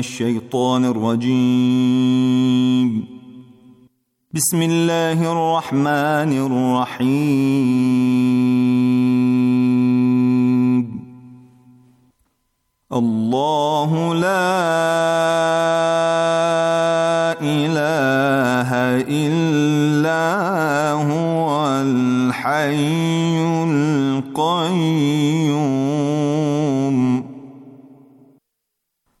الشيطان الرجيم بسم الله الرحمن الرحيم الله لا اله الا هو الحي القيوم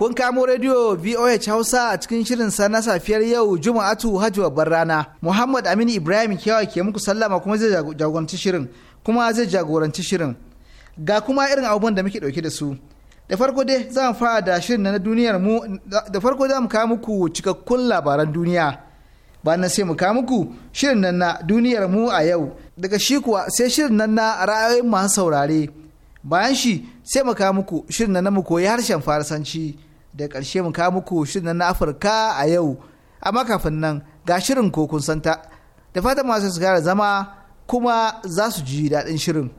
kun kamo rediyo VOH Hausa a cikin shirin sa na safiyar yau Juma'atu Hajji babbar rana. Muhammad Aminu Ibrahim Kyawa ke muku sallama kuma zai jagoranci shirin. Kuma zai jagoranci shirin. Ga kuma irin abubuwan da muke dauke da su. Da farko dai za mu fara da shirin na duniyar mu da farko za mu kawo muku cikakkun labaran duniya. ba nan sai mu kawo muku shirin nan na duniyar mu a yau. Daga shi kuwa sai shirin nan na ra'ayoyin masu saurare. Bayan shi sai mu kawo muku shirin nan na mu koyi harshen faransanci. da ƙarshe mu kawo muku shirin na afirka a yau amma kafin nan ga shirin ko kun santa da fatan masu su gara zama kuma za su ji daɗin shirin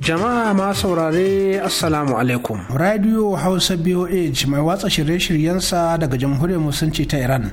jama'a ma saurare assalamu alaikum radio hausa boh mai watsa shirye-shiryensa daga jamhuriyar musulunci ta iran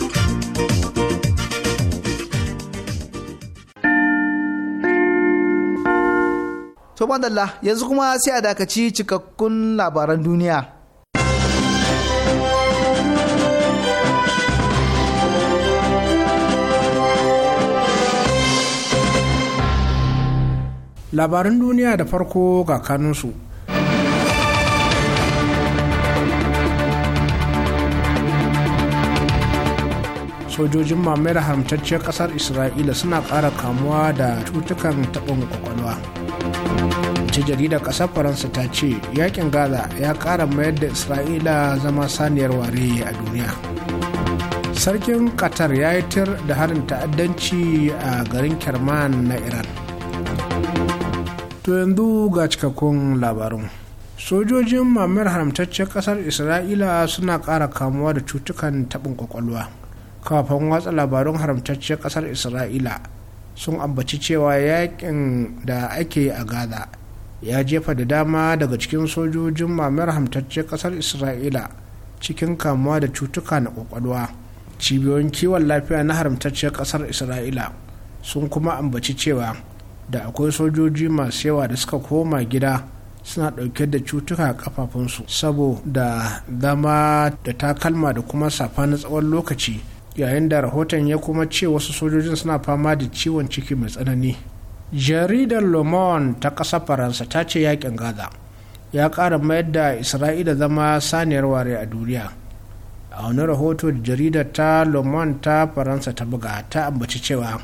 to madalla yanzu kuma sai a dakaci cikakkun labaran duniya labaran duniya da farko ga kanunsu sojojin mamayar haramtacciyar kasar isra'ila suna ƙara kamuwa da cutukan taɓin kwakwalwa Mace jaridar ƙasar faransa ta ce yakin gaza ya ƙara mayar da isra'ila zama saniyar ware a duniya sarkin qatar ya yi tir da harin ta'addanci a garin kerman na iran to yanzu ga cikakkun labarun, sojojin mamayar haramtaccen ƙasar isra'ila suna ƙara kamuwa da cutukan taɓin ƙwaƙwalwa kafin watsa labarun haramtaccen ƙasar isra'ila sun ambaci cewa yakin da ake a gaza ya jefa da dama daga cikin sojojin mamayar hamtacce kasar isra'ila cikin kamuwa da cutuka na kwakwalwa cibiyoyin kiwon lafiya na haramtacce kasar isra'ila sun kuma ambaci cewa da akwai sojoji masu yawa da suka koma gida suna ɗauke da cutuka a kafafunsu saboda dama da takalma da kuma safa na tsawon lokaci yayin da rahoton ya kuma ce wasu sojojin suna fama da ciwon ciki mai tsanani jaridar le monde ta ƙasa faransa ta ce yakin gaza ya ƙara mayar da isra'ila zama saniyar ware a duniya a wani rahoto da jaridar ta le monde ta faransa ta buga ta ambaci cewa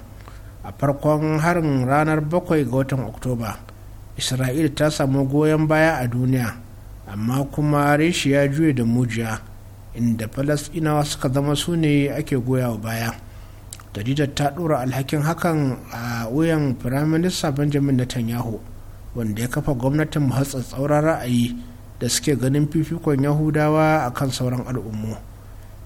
a farkon harin ranar 7 ga watan oktoba isra'ila ta samu goyon baya a duniya amma kuma reshe ya juye da mujiya inda falasɗinawa suka zama su ne ake goya wa baya jaridar ta dora alhakin hakan a wuyan firaminista benjamin netanyahu wanda ya kafa gwamnatin masu tsauran ra'ayi da suke ganin fifikon yahudawa a kan sauran al'ummu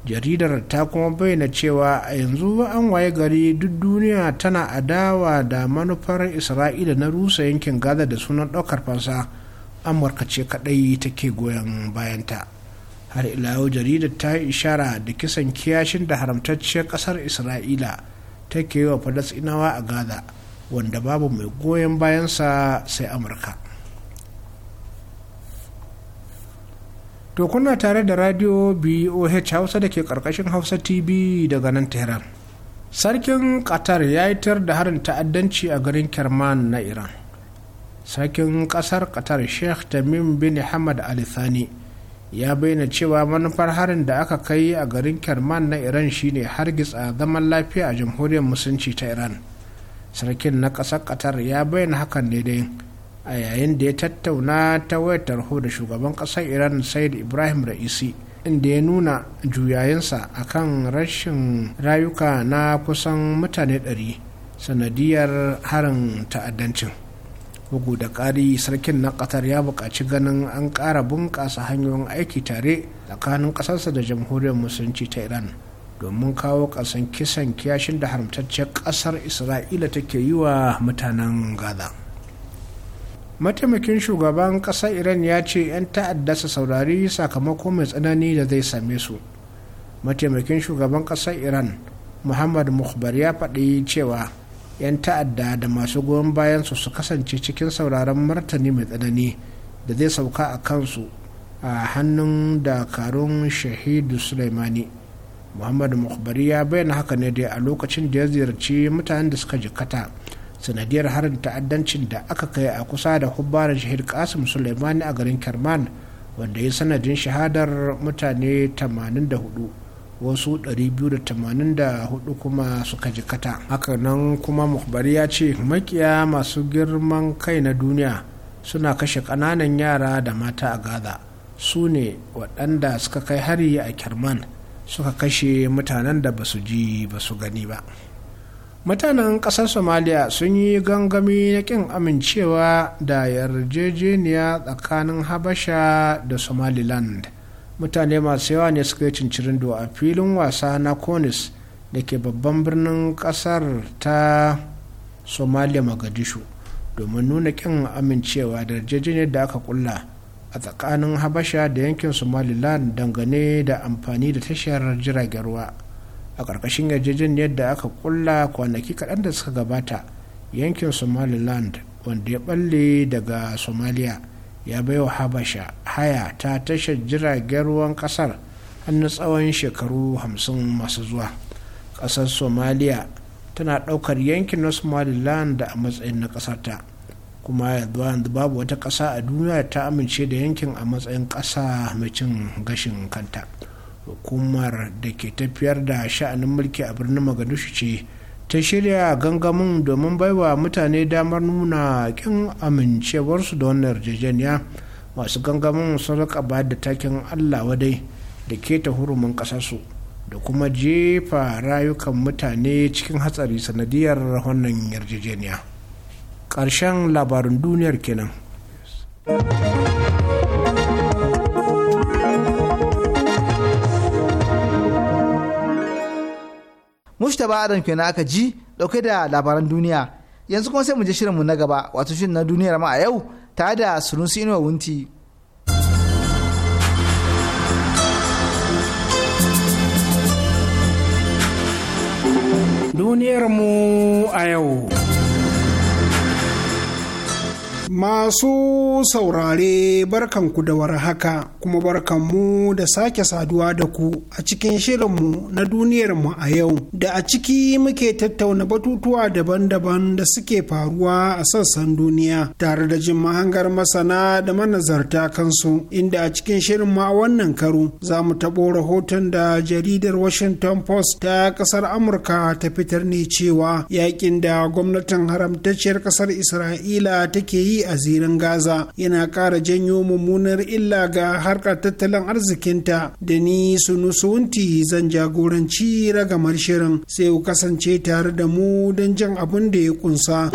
jaridar ta kuma bayyana cewa a yanzu an waye gari duk duniya tana adawa da manufar isra'ila na rusa yankin gaza da sunan ɗaukar fansa amurka ce kaɗai take goyon bayanta. har ila jaridar ta yi ishara da kisan kiyashin da haramtacciyar kasar isra'ila take yi wa falasinawa a gaza wanda babu mai goyon bayansa sai amurka to kuna tare da radio boh hausa da ke karkashin hausa tv daga nan tehran sarkin qatar ya yi tar da harin ta'addanci a garin kerman na iran sarkin kasar qatar sheikh tamim bin hamad al-thani ya bayyana cewa manufar harin da aka kai a garin kerman na iran shine hargitsa zaman lafiya a jamhuriyar musulunci ta iran sarkin na ƙasar qatar ya bayyana hakan ne dai a yayin da ya tattauna ta wayar tarho da shugaban ƙasar iran said ibrahim ra'isi inda ya nuna juyayensa kan rashin rayuka na kusan mutane 100 sanadiyar harin ta'addancin bugu da ƙari sarkin na ƙasar ya buƙaci ganin an ƙara bunƙasa hanyoyin aiki tare tsakanin ƙasarsa da jamhuriyar musulunci ta iran domin kawo ƙasan kisan kiyashin da haramtacciyar ƙasar isra'ila take yi wa mutanen gaza mataimakin shugaban ƙasar iran ya ce 'yan ta'adda su saurari sakamako mai tsanani da zai same su mataimakin shugaban ƙasar iran muhammad muhbar ya faɗi cewa 'yan ta'adda da masu goyon bayansu su kasance cikin sauraron martani mai tsanani da zai sauka a kansu a hannun dakarun shahidu sulaimani muhammadu mukbari ya bayyana haka ne dai a lokacin da ya ziyarci mutanen da suka jikata sanadiyar harin ta'addancin da aka kai a kusa da hubbaran shahid kasim sulaimani a garin kerman wanda ya sanadin shahadar mutane 84 wasu 284 kuma suka jikata haka nan kuma mukbari ya ce makiya masu girman kai na duniya suna kashe ƙananan yara da mata a gaza su ne waɗanda suka kai hari a kerman suka kashe mutanen da ba su ji ba su gani ba mutanen ƙasar somalia sun yi gangami na ƙin amincewa da yarjejeniya tsakanin habasha da somaliland mutane masu yawa ne suka yi cincirin a filin wasa na konis da ke babban birnin kasar ta somalia magadishu domin nuna kin amincewa da yarjejeniyar da aka kulla a tsakanin habasha da yankin somaliland dangane da amfani da tashar jiragen ruwa a ƙarƙashin yarjejeniyar da aka kulla kwanaki kaɗan da suka gabata yankin somaliland wanda ya balle daga somalia ya baiwa habasha haya ta tashar jiragen ruwan kasar hannu tsawon shekaru hamsin masu zuwa ƙasar somalia tana ɗaukar yankin na somaliland a matsayin na ƙasarta kuma yanzu babu wata ƙasa a duniya ta amince da yankin a matsayin ƙasa mai cin gashin kanta hukumar da ke tafiyar da sha'anin mulki a birnin magadishu ce ta shirya gangamin domin baiwa mutane damar nuna kin amincewarsu da wannan yarjejeniya masu gangamin sun rika ba da takin allah wadai da keta hurumin kasarsu da kuma jefa rayukan mutane cikin hatsari sanadiyar wannan yarjejeniya ƙarshen labarin duniyar kenan. Mustapha Adam na aka ji dauke da labaran duniya. Yanzu kuma sai mu je shirinmu na gaba wato shirin na duniyar ma a yau tare da Sunusi Inuwa Wunti. mu a yau. Masu saurare barkanku da war haka kuma barkanmu da sake saduwa da ku a cikin shirinmu na duniyarmu a yau da a ciki muke tattauna batutuwa daban-daban da suke faruwa a sassan duniya tare da jin mahangar masana da manazarta kansu inda a cikin shirinmu a wannan karu. za mu taɓo rahoton da jaridar Washington Post ta ƙasar Amurka ta fitar ne cewa yakin da gwamnatin haramtacciyar ƙasar Isra'ila take yi a zirin gaza yana ƙara janyo mummunar illa ga harkar tattalin arzikinta da ni sunusunti zan jagoranci ragamar shirin sai ku kasance tare da mu don jan abin da ya kunsa.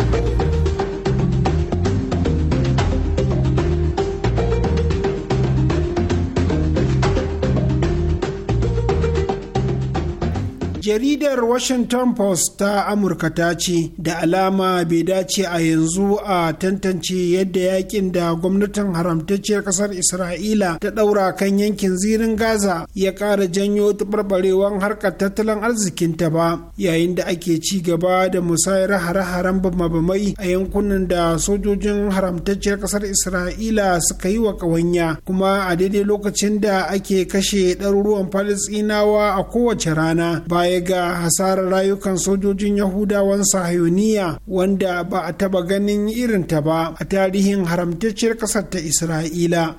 jaridar washington post ta amurka ta ce da alama bai dace a yanzu a tantance yadda yakin da gwamnatin haramtacciyar kasar isra'ila ta daura kan yankin zirin gaza ya kara janyo taɓarɓarewar harkar tattalin arzikinta ba yayin da ake ci gaba da musayar hare-haren bamabamai a yankunan da sojojin haramtacciyar kasar isra'ila suka yi wa kawanya kuma a daidai lokacin da ake kashe ɗaruruwan falisinawa a kowace rana bayan baya ga hasarar rayukan sojojin yahudawan sahayoniya wanda ba a taba ganin irin ta ba a tarihin haramtacciyar ƙasar ta isra'ila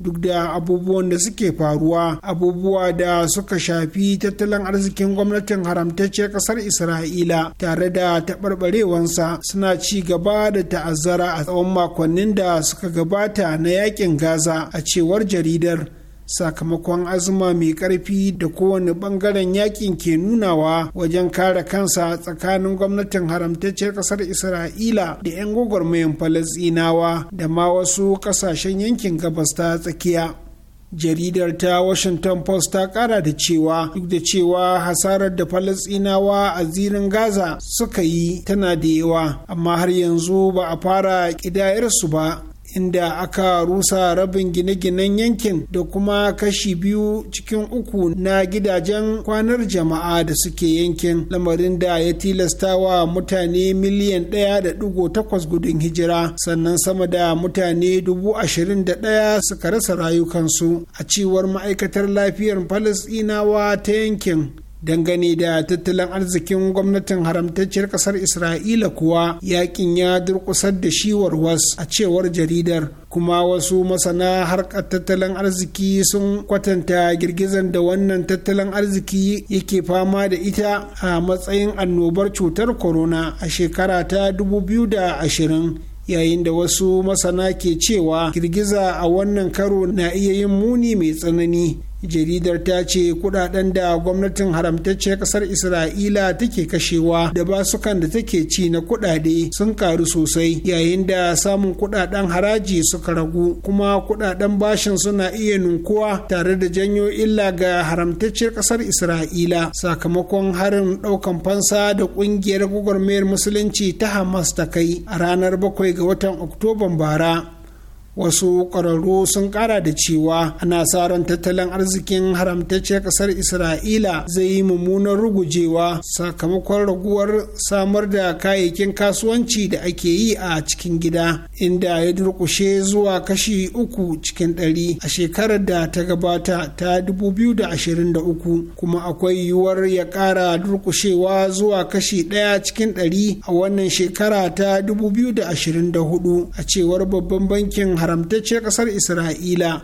duk da abubuwan da suke faruwa abubuwa da suka shafi tattalin arzikin gwamnatin haramtacciyar kasar isra'ila tare da taɓarɓarewansa suna ci gaba da ta'azzara a tsawon makonnin da suka gabata na yakin gaza a cewar jaridar sakamakon azuma mai ƙarfi da kowane ɓangaren yakin ke nunawa wajen kare kansa tsakanin gwamnatin haramtacciyar ƙasar isra'ila da 'yan gwagwarmayin falasɗinawa da ma wasu ƙasashen yankin gabas ta tsakiya jaridar ta washington post ta kara da cewa duk da cewa hasarar da falasinawa a zirin gaza suka yi tana da yawa amma har yanzu ba a fara kidayarsu ba inda aka rusa rabin gine-ginen yankin da kuma kashi biyu cikin uku na gidajen kwanar jama'a da suke yankin lamarin da ya tilasta wa mutane miliyan ɗaya da ɗigo takwas gudun hijira sannan sama da mutane dubu ashirin da ɗaya suka rasa rayukansu a cewar ma'aikatar lafiyar falasɗinawa ta yankin dangane da tattalin arzikin gwamnatin haramtacciyar kasar isra'ila kuwa yakin ya durkusar da shi warwas a cewar jaridar kuma wasu masana harkar tattalin arziki sun kwatanta girgizan da wannan tattalin arziki yake fama da ita a matsayin annobar cutar corona a shekara ta 2020 yayin da wasu masana ke cewa girgiza a wannan karo na iya yin muni mai tsanani jaridar ta ce kudaden da gwamnatin haramtacciyar kasar isra'ila take kashewa da basukan da take ci na kudade sun karu sosai yayin da samun kudaden haraji suka ragu kuma kudaden bashin suna iya nunkuwa tare da janyo illa ga haramtacciyar kasar isra'ila sakamakon harin daukan fansa da kungiyar gwagwarmayar musulunci ta hamas ta kai a ranar bakwai ga watan oktoban bara wasu ƙwararru sun ƙara da cewa ana sa ran tattalin arzikin haramtacce ƙasar isra'ila zai yi mummunar rugujewa sakamakon raguwar samar da kayayyakin kasuwanci da ake yi a cikin gida inda ya durƙushe zuwa kashi uku cikin ɗari a shekarar da ta gabata ta 2023 kuma akwai yiwuwar ya ƙara durƙushewa zuwa kashi ɗaya cikin ɗari a wannan shekara ta 2024 a cewar babban bankin haramtacce kasar isra'ila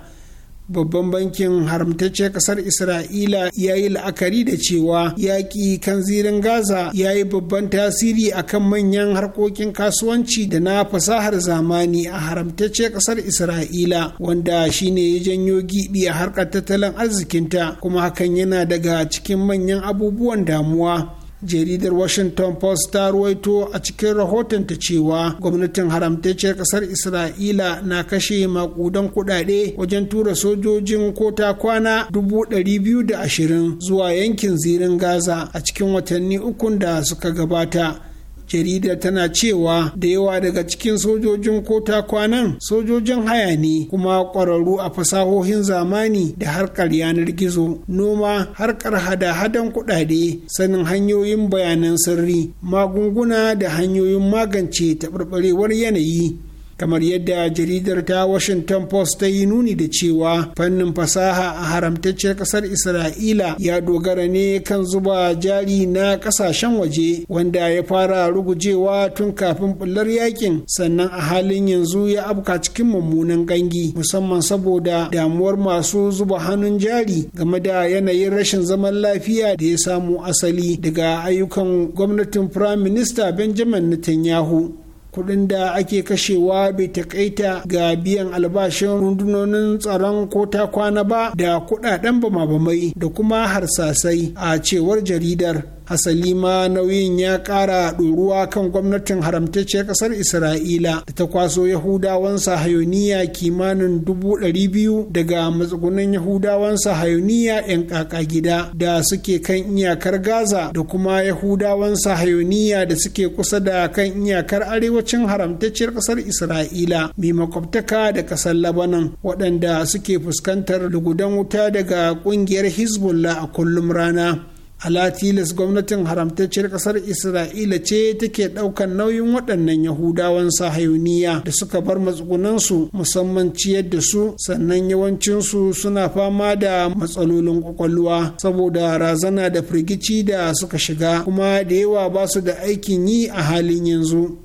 babban bankin haramtacce kasar isra'ila ya yi la'akari da cewa yaƙi kan zirin gaza ya yi babban tasiri akan manyan harkokin kasuwanci da na fasahar zamani a haramtacce kasar isra'ila wanda shine ya janyo giɓi a harkar tattalin arzikinta kuma hakan yana daga cikin manyan abubuwan damuwa jaridar washington post ta ruwaito a cikin ta cewa gwamnatin haramtacciyar kasar isra'ila na kashe makudan kudade wajen tura sojojin kota kwana 220 zuwa yankin zirin gaza a cikin watanni ukun da suka gabata jarida tana cewa da yawa daga cikin sojojin kota kwanan sojojin haya ne kuma ƙwararru a fasahohin zamani da harkar yanar gizo noma harkar hada-hadan kuɗaɗe sanin hanyoyin bayanan sirri magunguna da hanyoyin magance taɓarɓarewar yanayi kamar yadda jaridar ta washington post ta yi nuni da cewa fannin fasaha a haramtacciyar kasar isra'ila ya dogara ne kan zuba jari na kasashen waje wanda ya fara rugujewa tun kafin bullar yakin sannan a halin yanzu ya abka cikin mummunan gangi musamman saboda damuwar masu zuba hannun jari game da yanayin rashin zaman lafiya da ya samu asali daga ayyukan gwamnatin prime minister benjamin netanyahu kuɗin da ake kashewa bai takaita ga biyan albashin rundunonin tsaron ko ta kwana ba da kuɗaɗen bama-bamai da kuma harsasai a cewar jaridar asali ma nauyin ya kara ɗoruwa kan gwamnatin haramtacciyar ƙasar isra'ila da ta kwaso yahudawan sahayoniya kimanin dubu ɗari biyu daga matsugunan yahudawan sahayoniya 'yan ƙaƙa gida da suke kan iyakar gaza da kuma yahudawan sahayoniya da suke kusa da kan iyakar arewacin haramtacciyar ƙasar isra'ila mai makwabtaka da ƙasar labanan waɗanda suke fuskantar lugudan wuta daga ƙungiyar hezbollah a kullum rana ala tilas gwamnatin haramtacciyar kasar isra'ila ce take daukan nauyin waɗannan yahudawan sahayuniya da suka bar matsugunansu musamman ciyar da su sannan yawancinsu suna fama da matsalolin kwakwalwa saboda razana da firgici da suka shiga kuma da yawa ba su da aikin yi a halin yanzu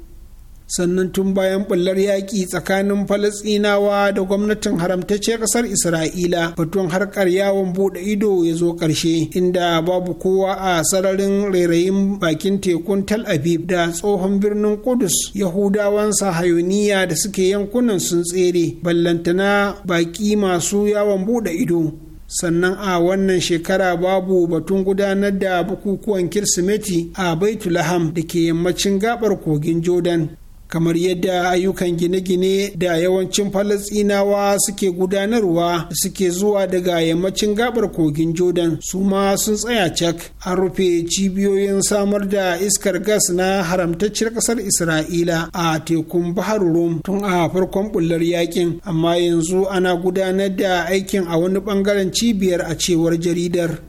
sannan tun bayan bullar yaƙi tsakanin Falasinawa da gwamnatin haramtacciyar ƙasar isra'ila batun harkar yawon buɗe ido ya zo ƙarshe inda babu kowa a sararin rairayin bakin tekun tal aviv da tsohon birnin kudus yahudawan sahayoniya da suke yankunan sun tsere ballantana baƙi masu yawon buɗe ido sannan a wannan shekara babu batun gudanar da bukukuwan kirsimeti a baitulaham da ke yammacin gabar kogin jordan kamar yadda ayyukan gine-gine da yawancin falasinawa suke gudanarwa suke zuwa daga yammacin gabar kogin jordan su ma sun tsaya cak an rufe cibiyoyin samar da iskar gas na haramtacciyar kasar isra'ila a tekun bahar rum tun a farkon bullar yakin amma yanzu ana gudanar da aikin a wani bangaren cibiyar a cewar jaridar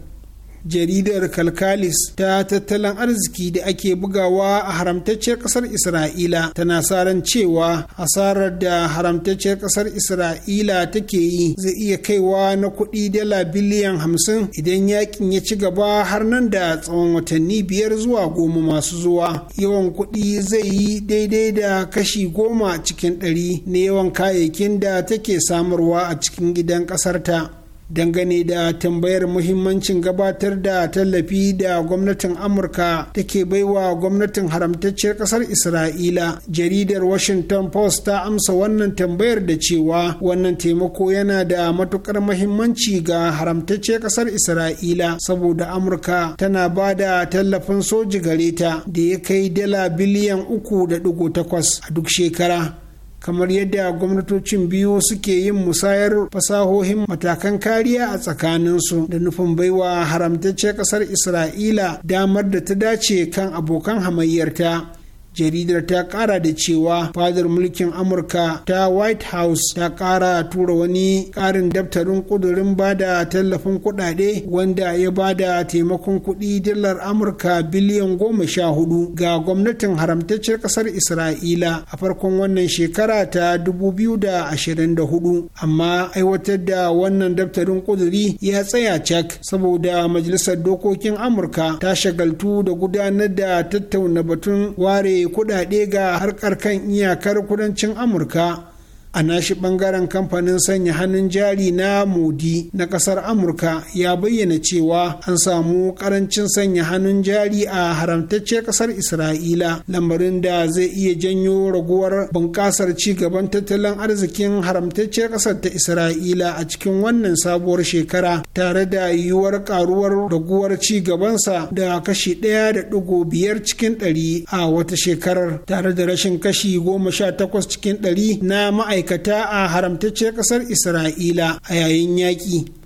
jaridar kalkalis ta tattalin arziki da ake bugawa a haramtacciyar kasar isra'ila tana saran cewa hasarar da haramtacciyar kasar isra'ila take yi zai iya kaiwa na kuɗi dala biliyan hamsin idan yakin ya ci gaba har nan da tsawon watanni biyar zuwa goma masu zuwa yawan kuɗi zai yi daidai da kashi goma cikin ɗari na yawan kayayyakin da take samarwa a cikin gidan ƙasarta. dangane da tambayar muhimmancin gabatar da tallafi da gwamnatin amurka take baiwa gwamnatin haramtacciyar kasar isra'ila jaridar washington post ta amsa wannan tambayar da cewa wannan taimako yana da matukar muhimmanci ga haramtacciyar kasar isra'ila saboda amurka tana ba da tallafin soji gare ta da ya kai dala biliyan uku da takwas a duk shekara kamar yadda gwamnatocin biyu suke yin musayar fasahohin matakan kariya a tsakaninsu da nufin baiwa haramtacce kasar isra'ila damar da ta dace kan abokan hamayyarta jaridar ta kara da cewa fadar mulkin amurka ta white house ta kara tura wani karin daftarin kudurin bada tallafin kudade wanda ya bada taimakon kudi dalar amurka biliyan goma sha hudu ga gwamnatin haramtaccen kasar isra'ila a farkon wannan shekara ta 2024 amma aiwatar da wannan daftarin kuduri ya tsaya cak saboda majalisar dokokin amurka ta shagaltu da gudanar da tattauna batun ware kudade ga harkar kan iyakar kudancin amurka a nashi bangaren kamfanin sanya hannun jari na modi na kasar amurka ya bayyana cewa an samu karancin sanya hannun jari a haramtacce kasar isra'ila lamarin da zai iya janyo raguwar bunƙasar gaban tattalin arzikin haramtacce kasar ta isra'ila a cikin wannan sabuwar shekara tare da yiwuwar karuwar raguwar gabansa da kashi ɗaya da ɗigo biyar cikin ɗari a wata shekarar tare da rashin kashi goma sha takwas cikin ɗari na ma'aikata ma'aikata a haramtacciyar ƙasar isra'ila a yayin yaƙi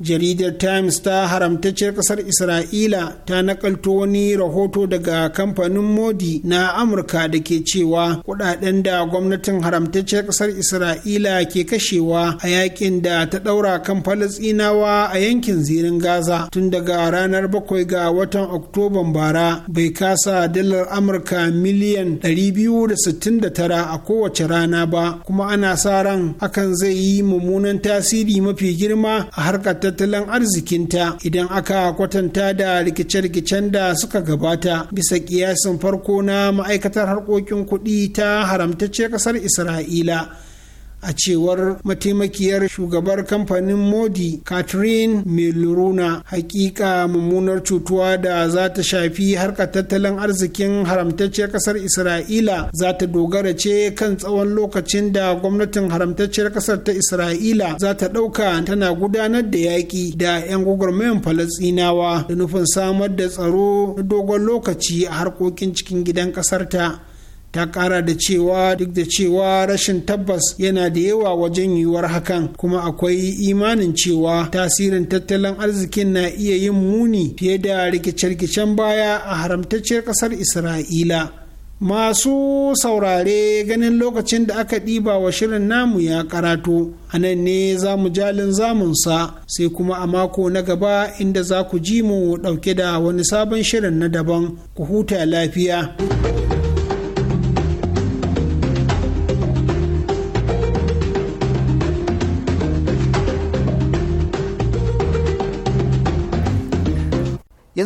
jaridar times ta haramtacciyar kasar isra'ila ta nakalto wani rahoto daga kamfanin modi na amurka da ke cewa kudaden da gwamnatin haramtacciyar kasar isra'ila ke kashewa a yakin da ta daura kan falasinawa a yankin zirin gaza tun daga ranar 7 ga watan oktoban bara bai kasa dalar amurka miliyan 269 a kowace rana ba kuma ana sa ran hakan zai yi mummunan tasiri mafi girma a harkar tattalin arzikinta idan aka kwatanta da rikice-rikicen da suka gabata bisa kiyasin farko na ma'aikatar harkokin kuɗi ta haramtacce ƙasar isra'ila a cewar mataimakiyar shugabar kamfanin modi catherine meluruna hakika mummunar cutuwa da za ta shafi harkar tattalin arzikin haramtacciyar kasar isra'ila za ta dogara ce kan tsawon lokacin da gwamnatin haramtacciyar kasar ta isra'ila za ta ɗauka tana gudanar da yaƙi da 'yan gwagwarmayan falasinawa da nufin samar da tsaro na dogon lokaci a harkokin cikin gidan ƙasarta. ta kara da cewa duk da cewa rashin tabbas yana da yawa wajen yiwuwar hakan kuma akwai imanin cewa tasirin tattalin arzikin na iya yin muni fiye da rikice-rikicen baya a haramtacciyar kasar isra'ila masu saurare ganin lokacin da aka ɗiba wa shirin namu ya karatu a nan ne za mu jalin zamunsa sai kuma a mako na gaba inda za ku ji mu ɗauke da wani sabon shirin na daban ku huta lafiya.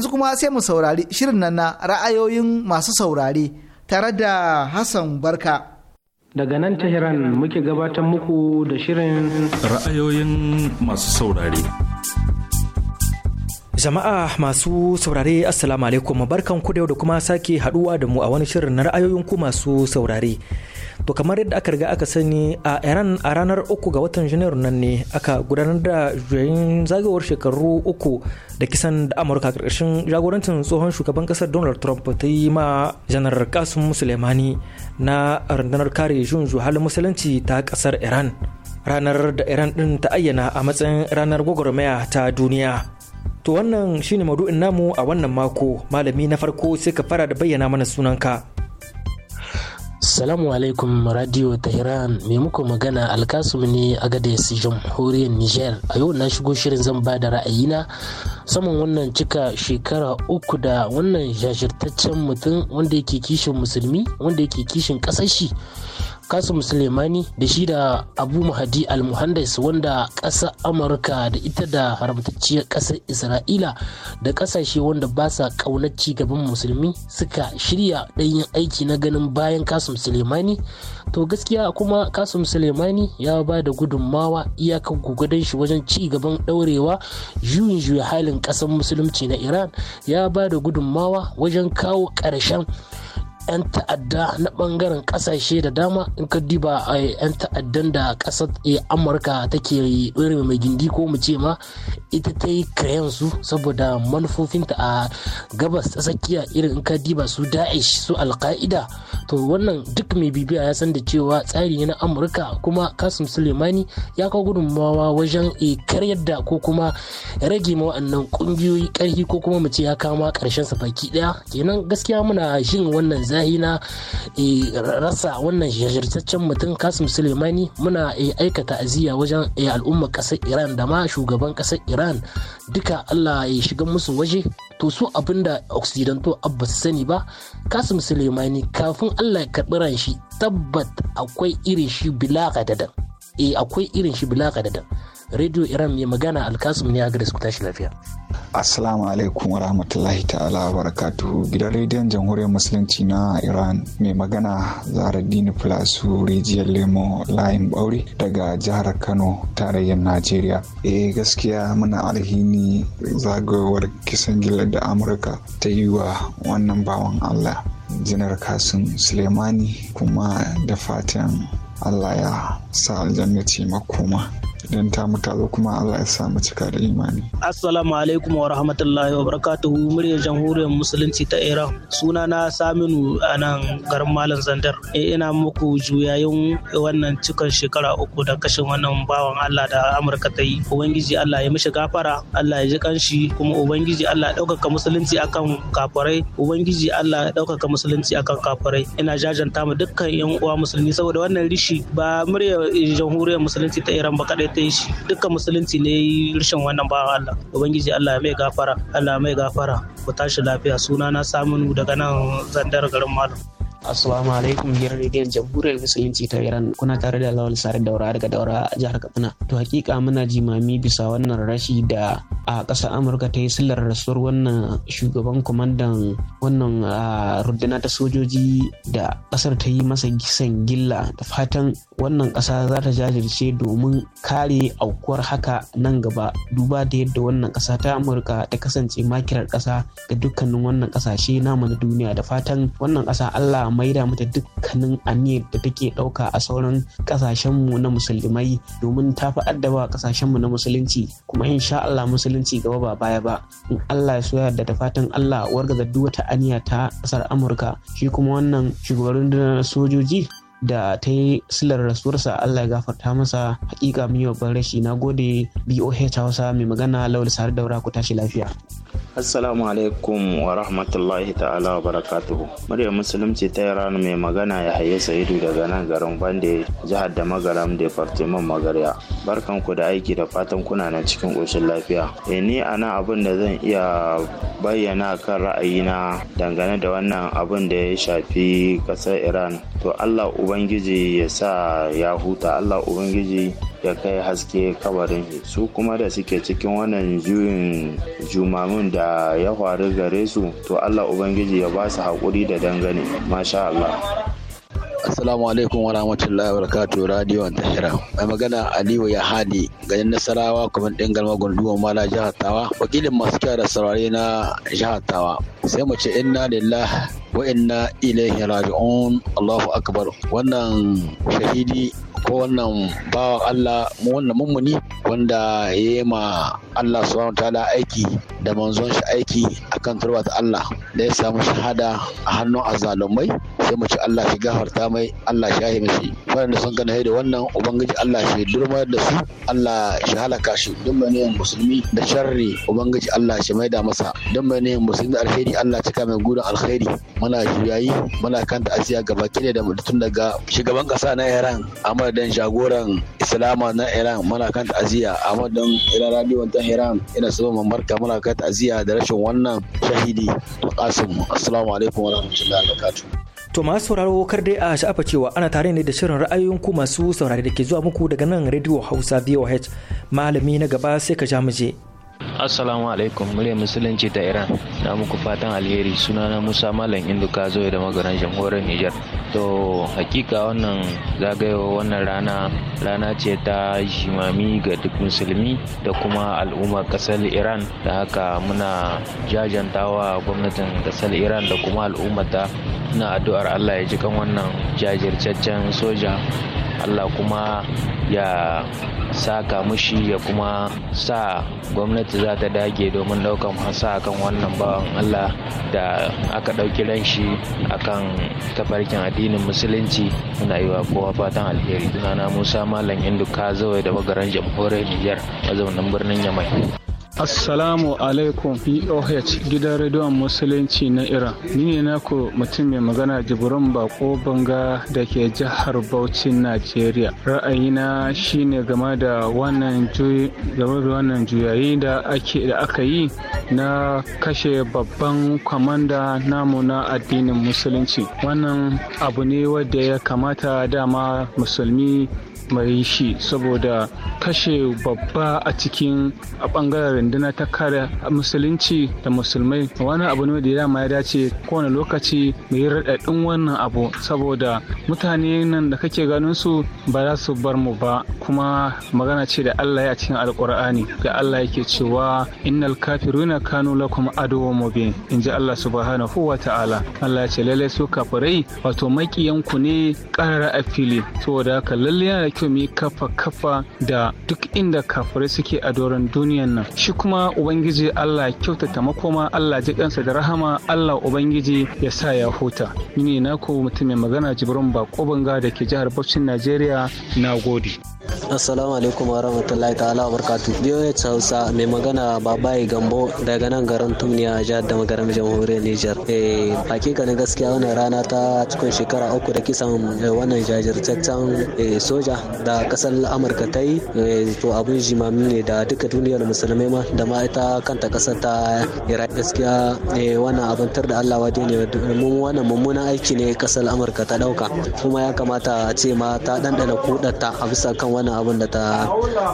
yanzu kuma sai mu saurari shirin nan na ra'ayoyin masu saurare tare da Hassan Barka. Daga nan ta Tehran muke gabatar muku da shirin ra'ayoyin masu saurare. Jama'a masu saurare Assalamu alaikum barkan ku da kuma sake haduwa da mu a wani shirin na ra'ayoyin ku masu saurare. To kamar yadda aka riga aka sani a Iran a ranar uku ga watan Janairu nan ne aka gudanar da juyayin zagayowar shekaru uku da kisan da Amurka karkashin jagorancin tsohon shugaban kasar Donald Trump ta yi ma janar kasun musulmani na rundunar kare jun halin musulunci ta kasar Iran. Ranar da Iran din ta ayyana a matsayin ranar gwagwarmaya ta duniya. To wannan shine maudu'in namu a wannan mako malami na farko sai ka fara da bayyana mana sunanka. Salamu alaikum Radio Tehran mai muku magana alkasum ne a gadis jamhuriyar niger A yau na shigo shirin zan ba da ra'ayina saman wannan cika shekara uku da wannan shashirtaccen mutum wanda yake kishin musulmi wanda yake kishin ƙasar kasim suleimani da shi da abu mahadi almuhandis wanda ƙasa amurka da ita da haramtacciyar ƙasar isra'ila da ƙasashe wanda ba sa ƙaunar gaban musulmi suka shirya ɗanyen aiki na ganin bayan kasim suleimani to gaskiya kuma kasim suleimani ya ba da gudunmawa iyakar gugudan shi wajen ci gaban ɗaurewa juyin juya halin ƙasar musulunci na iran ya ba da gudunmawa wajen kawo ƙarshen 'yan ta'adda na bangaren kasashe da dama in ka diba a 'yan ta'addan da kasar eh, amurka take ɗore mai gindi ko mu ce ma ita ta yi su saboda manufofinta a gabas ta tsakiya irin in ka diba su da'ish su alka'ida to wannan duk mai bibiya ya san da cewa tsari ne na amurka kuma kasim sulemani ya kawo gudunmawa wajen eh, karyar da ko kuma rage ma wa'annan kungiyoyi ƙarfi ko kuma mu ce ya kama karshen sa baki daya kenan gaskiya muna shin wannan zahi na rasa wannan shirtaccen mutum kasim suleimani muna eh, aikata aziya wajen eh, al'ummar kasar iran da ma shugaban kasar iran duka allah ya shiga musu waje to su da occidental abba su sani ba kasim suleimani kafin allah ya karɓi ran shi tabbat akwai irin shi bila kadadan eh, akwai irin shi radio iran mai magana alkasum ne a gare su tashi lafiya Assalamu alaikum wa rahmatullahi ta'ala wa barakatuhu gidan rediyon jamhuriyar musulunci na Iran mai magana Zaharaddini plasu rijiyar Lemo Layin Bauri daga jihar Kano tarayyar Najeriya. Eh gaskiya muna alhini zagayowar kisan gila da Amurka ta yi wa wannan bawan Allah. Janar Kasim Suleimani kuma da fatan allah ya sa aljanna ce makoma idan ta zo kuma Allah ya sa mu cika da imani. Assalamu alaikum wa rahmatullahi wa barakatuhu muryar jamhuriyar musulunci ta Iran. Suna na Saminu a garin Malam Zandar. E ina muku juyayin wannan cikon shekara uku da kashin wannan bawan Allah da Amurka ta yi. Ubangiji Allah ya mishi gafara, Allah ya ji kanshi kuma Ubangiji Allah ya ɗaukaka musulunci akan kafirai, Ubangiji Allah ya ɗaukaka musulunci akan kafirai. Ina jajanta mu dukkan 'yan uwa musulmi saboda wannan rishi shi ba murya jamhuriyar musulunci ta Iran ba kadai ta yi shi dukkan musulunci ne rashin wannan ba Allah ubangiji Allah mai gafara Allah mai gafara ku tashi lafiya sunana saminu daga nan zandar garin malam Assalamu alaikum biyar rediyon jamhuriyar musulunci ta Iran kuna tare da Lawal Sare Daura daga Daura a jihar Katsina. To hakika muna jimami bisa wannan rashi da a ƙasar Amurka ta yi sillar rasuwar wannan shugaban kwamandan wannan runduna ta sojoji da ƙasar ta yi masa gisan gilla da fatan wannan ƙasa za ta jajirce domin kare aukuwar haka nan gaba duba da yadda wannan ƙasa ta Amurka ta kasance makirar ƙasa ga dukkanin wannan ƙasashe namu na duniya da fatan wannan ƙasa Allah da mata dukkanin aniyar da take ɗauka a sauran ƙasashenmu na musulmai domin ta fi addaba ƙasashenmu na musulunci kuma in sha Allah musulunci gaba ba baya ba in Allah ya soya da fatan Allah wargaza duk wata aniya ta ƙasar Amurka shi kuma wannan shugaban rundunar sojoji da ta yi silar rasuwarsa Allah ya gafarta masa hakika mai yau babban rashi na gode BOH Hausa mai magana Lawal Sare Daura ku tashi lafiya. Assalamu alaikum wa rahmatullahi ta'ala wa barakatuhu. Murya Musulunci ta Iran mai magana ya haye Sa'idu daga nan garin Bande jihar da Magaram Departement Magarya. Barkan ku da aiki da fatan kuna nan cikin ƙoshin lafiya. E ni a nan abin da zan iya bayyana kan ra'ayina dangane da wannan abin da ya shafi ƙasar Iran to allah ubangiji ya sa ya huta allah ubangiji ya kai haske kabarin su kuma da suke cikin wannan juyin jumamin da ya faru gare su to allah ubangiji ya ba su haƙuri da dangane masha allah Assalamu alaikum wa rahmatullahi wa barakatu radio Tahira. Mai magana Aliyu ya hadi ganin Nasarawa kuma ɗin galma gunduwa mala jihar Tawa. Wakilin masu kyau da na jihar Tawa. Sai mu ce inna lillah wa inna ilaihi raji'un Allahu akbar. Wannan shahidi ko wannan bawan Allah mu wannan mummuni wanda ya yi ma Allah subhanahu ta'ala aiki da manzon shi aiki akan turba ta Allah da ya samu shahada a hannun azalumai sai mu ci Allah shi gafarta mai Allah shi yahi mishi waɗanda sun gane da wannan ubangiji Allah shi durmar da su Allah shi halaka shi duk mai niyan musulmi da sharri ubangiji Allah shi maida masa duk mai niyan musulmi da alheri Allah cika mai gurin alheri muna juyayi muna kanta asiya gaba kire da tun daga shugaban kasa na Iran Ahmad dan jagoran Islama na Iran muna kanta asiya Ahmad dan Iran radio Tehran ina so mun barka muna ka ta'aziyya da rashin wannan shahidi Qasim assalamu alaikum wa rahmatullahi wa barakatuh To masu sauraro kar dai a sha'afa cewa ana tare ne da shirin ra'ayoyin ku masu saurare da ke zuwa muku daga nan Radio Hausa VOH malami na gaba sai ka ja mu je. Assalamu alaikum muryar musulunci ta Iran na muku fatan alheri sunana Musa Malam Indu ka zo da magaran jamhuriyar niger To hakika wannan zagayowa wannan rana rana ce ta shimami ga duk musulmi da kuma al'ummar kasar Iran da haka muna jajantawa gwamnatin kasar Iran da kuma al'ummata na addu'ar Allah ya ji kan wannan jajirtaccen soja Allah kuma ya saka mushi ya kuma sa gwamnati gwamnati za ta dage domin ɗaukan hansa akan wannan bawan allah da aka ɗauki ran shi akan tafarkin addinin musulunci muna yi wa kowa fatan alheri na musa malam indu zawai da magaran jamhuriyar niger mazaunin birnin yamai Assalamu alaikum POH gidan rediyon musulunci na Iran. Ni ne naku mutum mai magana Jibrin Bako Banga da ke jihar Bauchi Najeriya. Ra'ayina shine game da wannan juyi game da wannan juyayi da ake da aka yi na kashe babban kwamanda namu na addinin musulunci. Wannan abu ne wanda ya kamata dama musulmi mai shi saboda kashe babba a cikin a bangaren rundunar ta kare musulunci da musulmai wani abu ne da ya ma ya dace kowane lokaci mu yi raɗaɗin wannan abu saboda mutane nan da kake ganin su ba za su bar mu ba kuma magana ce da Allah ya cikin alkur'ani da Allah yake cewa innal kafiruna kanu lakum aduwwun mubin inji Allah subhanahu wa ta'ala Allah ya ce lalle su kafirai wato makiyan ne karara a fili saboda haka lalle yana to kafa kafa da duk inda kafirai suke a doron duniyan nan shi kuma ubangiji Allah kyautata makoma Allah jikansa da rahama Allah ubangiji ya sa ya huta ni ne naku mutum mai magana jibrin bako banga da ke jihar Bauchin Najeriya na gode Assalamu alaikum wa rahmatullahi ta'ala wa ya ci Hausa mai magana Babaye Gambo daga nan garin Tumniya jihar da magaram jamhuriyar Nijar. a eh, hakikanin gaskiya wannan rana ta cikin shekara uku da kisan eh, wannan jajirtaccen eh, soja da kasar Amurka ta yi to abun jimami ne da duka duniyar musulmai ma da ma ita kanta kasar ta Iraq gaskiya wannan abin tar da Allah wajen ne wannan mummunan aiki ne kasar Amurka ta dauka kuma ya kamata a ce ma ta dandana kudata a bisa kan wani abin da ta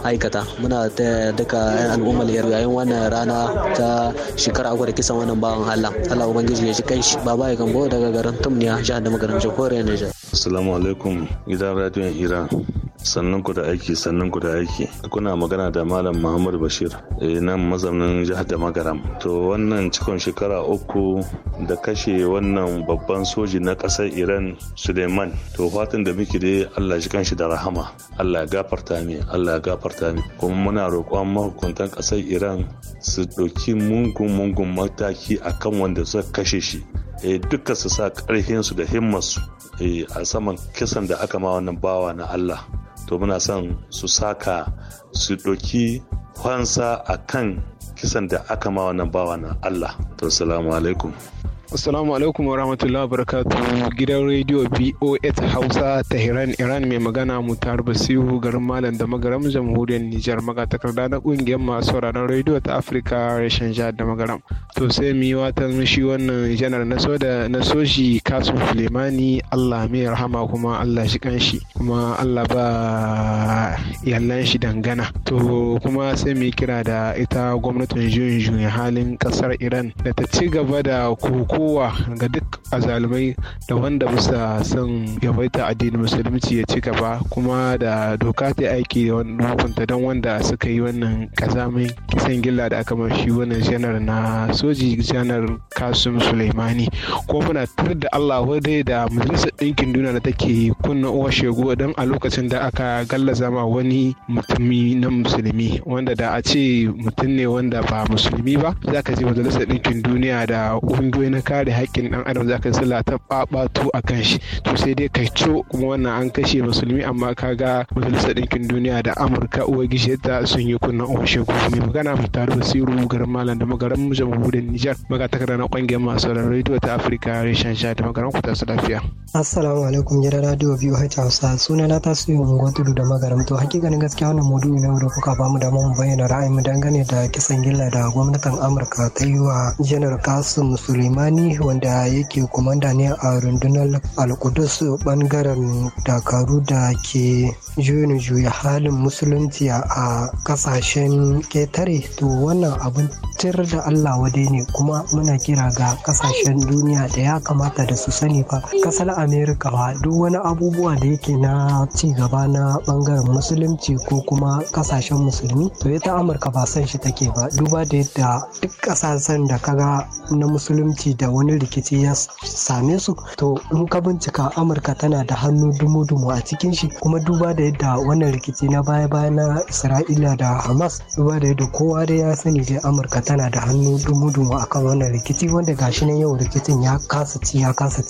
aikata muna ta duka yan al'ummar yaro yayin wannan rana ta shekara gwada da kisan wannan bawan Allah Allah ubangiji ya ji kanshi baba ya gambo daga garin Tumniya jihar da magarin Jamhuriyar Nijar assalamu alaikum gidan radiyon Iran sannan ku da aiki sannan ku da aiki kuna magana da malam muhammad bashir eh, nan mazaunin jihar da magaram to wannan cikon shekara uku da kashe wannan babban soji na kasar iran suleiman to fatan da muke dai allah shi kanshi da rahama allah gafarta mi allah gafarta mi kuma muna roƙon mahukuntan kasar iran su ɗauki mungun mungun mataki akan wanda suka kashe shi eh, duka su sa ƙarfinsu da himmarsu eh, a saman kisan da aka ma wannan bawa na allah to muna son su saka su doki kwansa a kan kisan da aka ma wannan bawa na Allah. To, salamu alaikum. Assalamu alaikum wa rahmatullahi wa barakatu. gidan rediyo BOS Hausa ta Iran mai magana Mutar Basiru garin Malam da Magaram Jamhuriyar Nijar magatakarda na kungiyar masu sauraron rediyo ta Afirka reshen jihar da Magaram. To sai mu yi watan shi wannan janar na so da na soshi Kasu Sulemani Allah mai rahama kuma Allah shi kanshi kuma Allah ba yallan shi dangana. To kuma sai mu kira da ita gwamnatin juyin halin kasar Iran da ta ci gaba da kuku Kowa ga duk azalumai da wanda bisa son yawaita addinin musulunci ya ci gaba kuma da doka ta aiki da hukunta don wanda suka yi wannan kazamin kisan gilla da aka mashi wannan janar na soji janar kasum suleimani ko muna tar da allah wadai da majalisar ɗinkin duniya da take kunna uwa shegu don a lokacin da aka gallaza ma wani mutumi na musulmi wanda da a ce mutum ne wanda ba musulmi ba za ka je majalisar ɗinkin duniya da ƙungiyoyi na kare haƙƙin ɗan adam za ka sila ta ɓaɓatu a kan shi to sai dai kai co kuma wannan an kashe musulmi amma ka ga majalisar duniya da amurka uwa gisheta sun yi kunna uwa kuma magana mu tare da siru garin malam da magaran jamhuriyar nijar takarda na ƙungiyar masu rarraito ta afirka reshen sha da magaran ku tasu lafiya. assalamu alaikum gidan radio biyu hausa suna na su yin unguwa tudu da magaran to hakikanin gaskiya wannan modulu na da kuka bamu da mu bayyana ra'ayin mu dangane da kisan gilla da gwamnatin amurka ta yi wa janar kasim Sani wanda yake kumanda ne a rundunar Al-Qudus bangaren dakaru da ke juyin juya halin musulunci a kasashen ketare to wannan abin tir da Allah wadai ne kuma muna kira ga kasashen duniya da ya kamata da su sani fa kasar Amerika ba duk wani abubuwa da yake na ci gaba na bangaren musulunci ko kuma kasashen musulmi to ita Amurka ba san shi take ba duba da yadda duk kasashen da kaga na musulunci da da wani rikici ya same su to in ka bincika amurka tana da hannu dumu-dumu a cikin shi kuma duba da yadda wannan rikici na baya-baya na isra'ila da hamas duba da yadda kowa da ya sani dai amurka tana da hannu dumu-dumu akan wannan rikici wanda gashi nan yau rikicin ya kasa ci ya kasa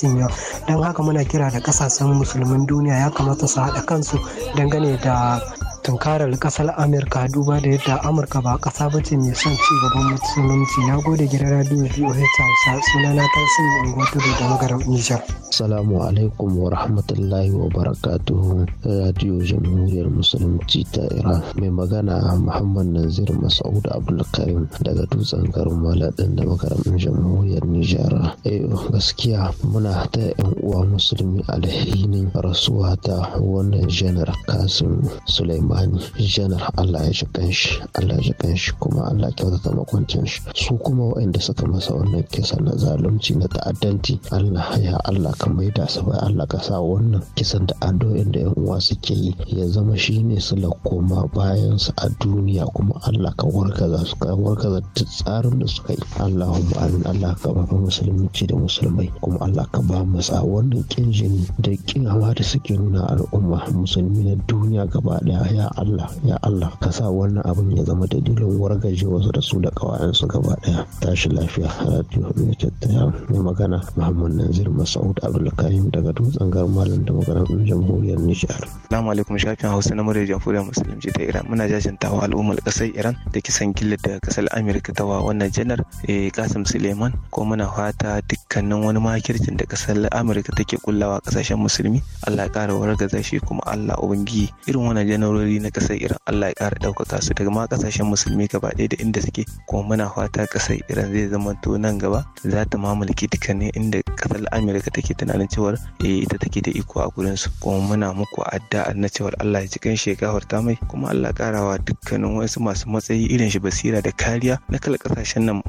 don haka muna kira da kasashen musulmin duniya ya kamata su haɗa kansu dangane da tunkarar kasar amurka duba da yadda amurka ba kasa ba ce mai son ci gaban musulunci na gode gidan radio voh hausa sunana tasirin unguwaturu da magarar nijar salamu alaikum wa rahmatullahi wa barakatuhu radio jamhuriyar musulunci ta iran mai magana muhammad nazir masaud abdulkarim daga dutsen garin maladin da makarantar jamhuriyar nijar eh, gaskiya muna ta yan uwa musulmi alhinin rasuwa ta wannan janar kasim suleiman tsammani janar Allah ya jikan shi Allah ya jikan shi kuma Allah kyautata makwancin shi su kuma waɗanda suka masa wannan kisa na zalunci na ta'addanci Allah ya Allah ka da su bai Allah ka sa wannan kisan da ado da yan uwa suke yi ya zama shine su koma bayan su a duniya kuma Allah ka warkaza su ka warkaza tsarin da suka yi Allahumma amin Allah ka ba musulunci da musulmai kuma Allah ka ba mu sa wannan kin jini da kin hawa da suke nuna al'umma musulmi na duniya gaba daya ya Allah ya Allah ka sa wannan abin ya zama dalilin wargaje wasu da su da kawayensu gaba daya tashi lafiya radio limited daya mai magana muhammad nazir masaud abdulkarim daga dutsen garmalin da magana maganar jamhuriyar nijar assalamu alaikum shafin hausa na murya jamhuriyar musulunci ta iran muna jajintawa al'ummar kasar iran da kisan gilla da kasar amurka ta wa wannan janar eh kasim suleiman ko muna fata dukkanin wani makircin da kasar amurka take kullawa kasashen musulmi allah ya kara wargaza shi kuma allah ubangiji irin wannan janarori jagorori na kasar Iran Allah ya ƙara ɗaukaka su daga ma ƙasashen musulmi gaba ɗaya da inda suke kuma muna fata ƙasar Iran zai zama to nan gaba za ta mamulki dukkanin inda ƙasar Amerika take tunanin cewar eh ita take da iko a gurin su kuma muna muku addu'a na cewar Allah ya ji kan shekawar ta mai kuma Allah ƙarawa dukkanin wasu masu matsayi irin shi basira da kariya na kala ƙasashen nan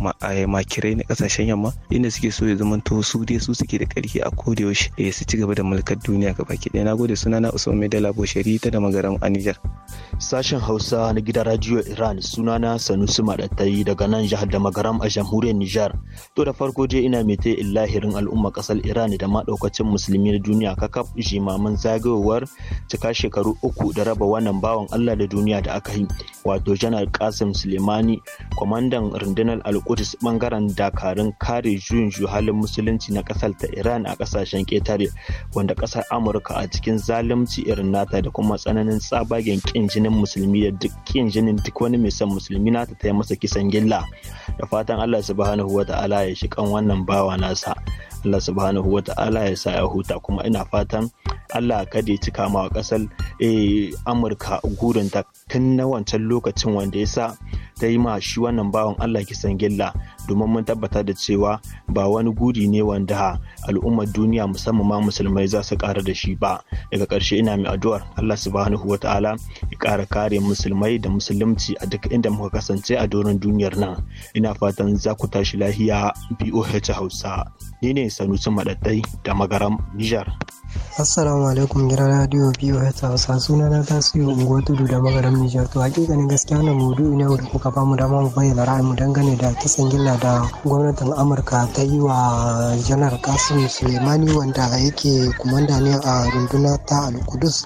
makirai na ƙasashen yamma inda suke so ya zama to su dai su suke da ƙarfi a koda yaushe eh su ci gaba da mulkar duniya gaba na ɗaya nagode sunana Usman Medala Bosheri ta da magaram a Niger Sashen Hausa na gidan Radio Iran sunana Sanusi Maɗatai daga nan jihar da a jamhuriyar Nijar. To da farko je ina mete illahirin al'umma kasar Iran da ma musulmi na duniya kakaf jimaman zagayowar cika shekaru uku da raba wannan bawan Allah da duniya da aka yi. Wato Janar Kasim Sulemani, kwamandan rundunar al Alƙudus bangaren dakarun kare juyin juhalin musulunci na ƙasar ta Iran a ƙasashen ƙetare, wanda ƙasar Amurka a cikin zalunci irin nata da kuma tsananin tsabagen Ƙin kin jinin musulmi da duk kin jinin duk wani mai son musulmi na ta taya masa kisan gilla da fatan Allah subhanahu wa ta'ala ya shi kan wannan bawa nasa Allah subhanahu wa ta'ala ya sa ya huta kuma ina fatan Allah kada ya cika ma kasar eh, Amurka gurin ta tun na wancan lokacin wanda ya sa ta yi ma shi wannan bawan Allah kisan gilla domin mun tabbata da cewa ba wani guri ne wanda al'ummar duniya musamman ma musulmai za su kara da shi ba daga karshe ina mai addu'ar Allah subhanahu wa ta'ala ya kara kare musulmai da musulunci a duk inda muka kasance a doron duniyar nan ina fatan za ku tashi lahiya BOH Hausa ni ne Sanusi Madaddai da Magaram Nijar Assalamu alaikum gidan radio BOH Hausa sunana na tasiri unguwar tudu da Magaram Nijar to ne gaskiya wannan maudu'i ne wanda kuka bamu da mu bayyana ra'ayi mu dangane da kisan gilla da gwamnatin amurka ta yi wa janar kasim suleimani wanda yake kumanda ne a runduna ta alkudus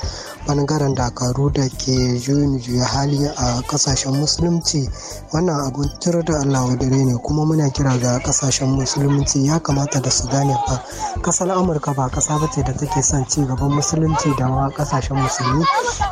bangaren dakaru da ke juyin juya hali a ƙasashen musulunci wannan abun tur da allah wadare ne kuma muna kira ga kasashen musulunci ya kamata da su gane fa kasar amurka ba kasa bace da take son ci gaban musulunci da ma kasashen musulmi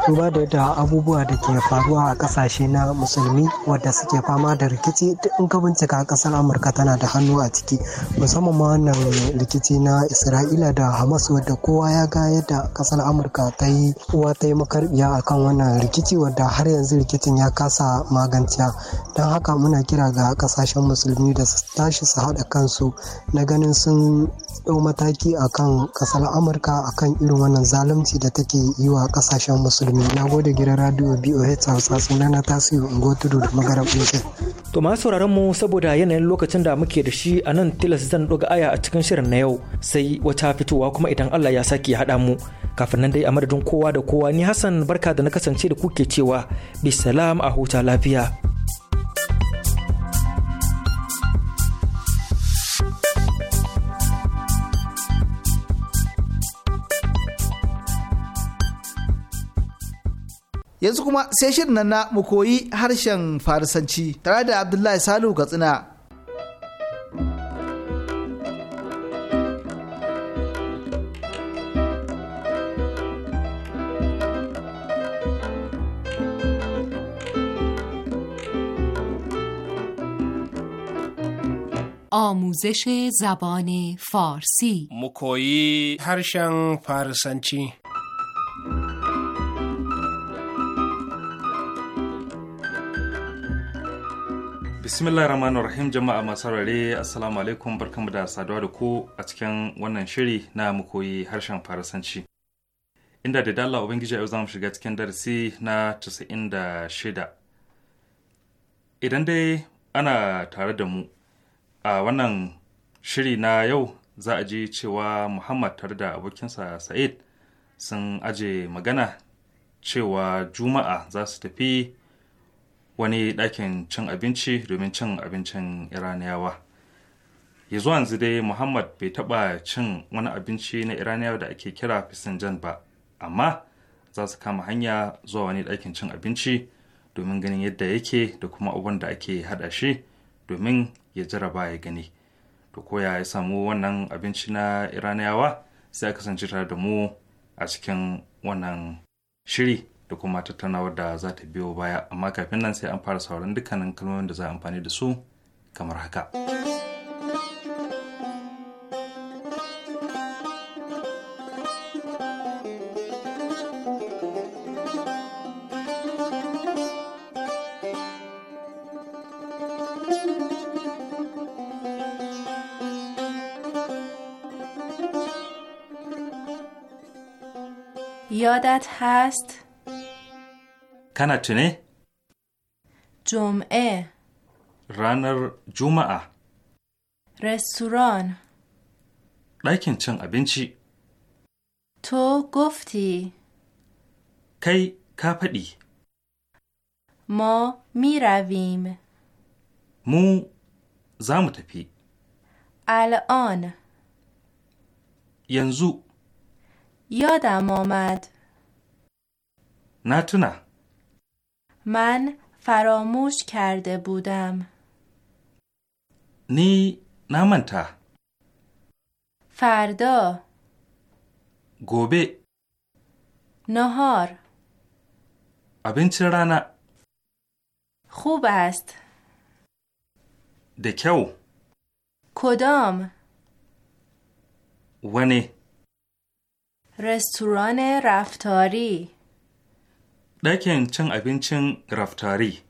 duba da yadda abubuwa da ke faruwa a ƙasashe na musulmi wadda suke fama da rikici in ka bincika kasar amurka tana da hannu a ciki musamman ma wannan rikici na isra'ila da hamas wadda kowa ya ga yadda kasar amurka ta yi uwa ta yi makarbiya akan wannan rikici wadda har yanzu rikicin ya kasa maganciya don haka muna kira ga kasashen musulmi da su tashi su haɗa kansu na ganin sun ɗau mataki a kan kasar amurka akan irin wannan zalunci da take yi wa kasashen musulmi na gode gidan radio boh hausa sunana tasiri ungo tudu da magaram To masu sauraron mu saboda yanayin lokacin da muke da shi a nan tilas zan ɗoga aya a cikin shirin na yau sai wata fitowa kuma idan Allah ya sake haɗa mu kafin nan dai a madadin kowa da kowa ni Hassan barka da na kasance da kuke cewa bisalam a huta lafiya. yanzu kuma sai shirin nan na mu koyi harshen farisanci tare da abdullahi salu katsina آموزش زبان فارسی مکویی هرشن فارسنچی bismillah rahman rahim jama'a masu rare assalamu alaikum barkamu da saduwa da ku a cikin wannan shiri na mukoyi harshen farasanci inda da dala ubangiji yau za mu shiga cikin darasi na 96 idan dai ana tare da mu a wannan shiri na yau za a ji cewa muhammad tare da abokinsa sa'id sun aje magana cewa juma'a za su tafi wani ɗakin cin abinci domin cin abincin iraniyawa ya zuwa yanzu dai muhammad bai taɓa cin wani abinci na iraniyawa da ake kira fisinjan ba amma za su kama hanya zuwa wani ɗakin cin abinci domin ganin yadda yake da kuma abin da ake haɗa shi domin ya jaraba ya gani to koya ya samu wannan abinci na iraniyawa sai a kasance tare da mu a cikin wannan shiri da kuma tattaunawar da za ta biyo baya amma kafin nan sai an fara sauran dukkanin kalmomin da za a amfani da su kamar haka. یادت هست kana tune? Jum'a. Ranar Juma'a. Restoran. Ɗakin cin abinci. To gofti. Kai ka faɗi. Mo miravim. Mu za mu tafi. Al'on. Yanzu. Yoda Momad. Na tuna. من فراموش کرده بودم نی نمانتا فردا گوبه نهار چرا چرانا. خوب است دکو کدام ونه رستوران رفتاری ده که این چنگ ابین چنگ رفتاری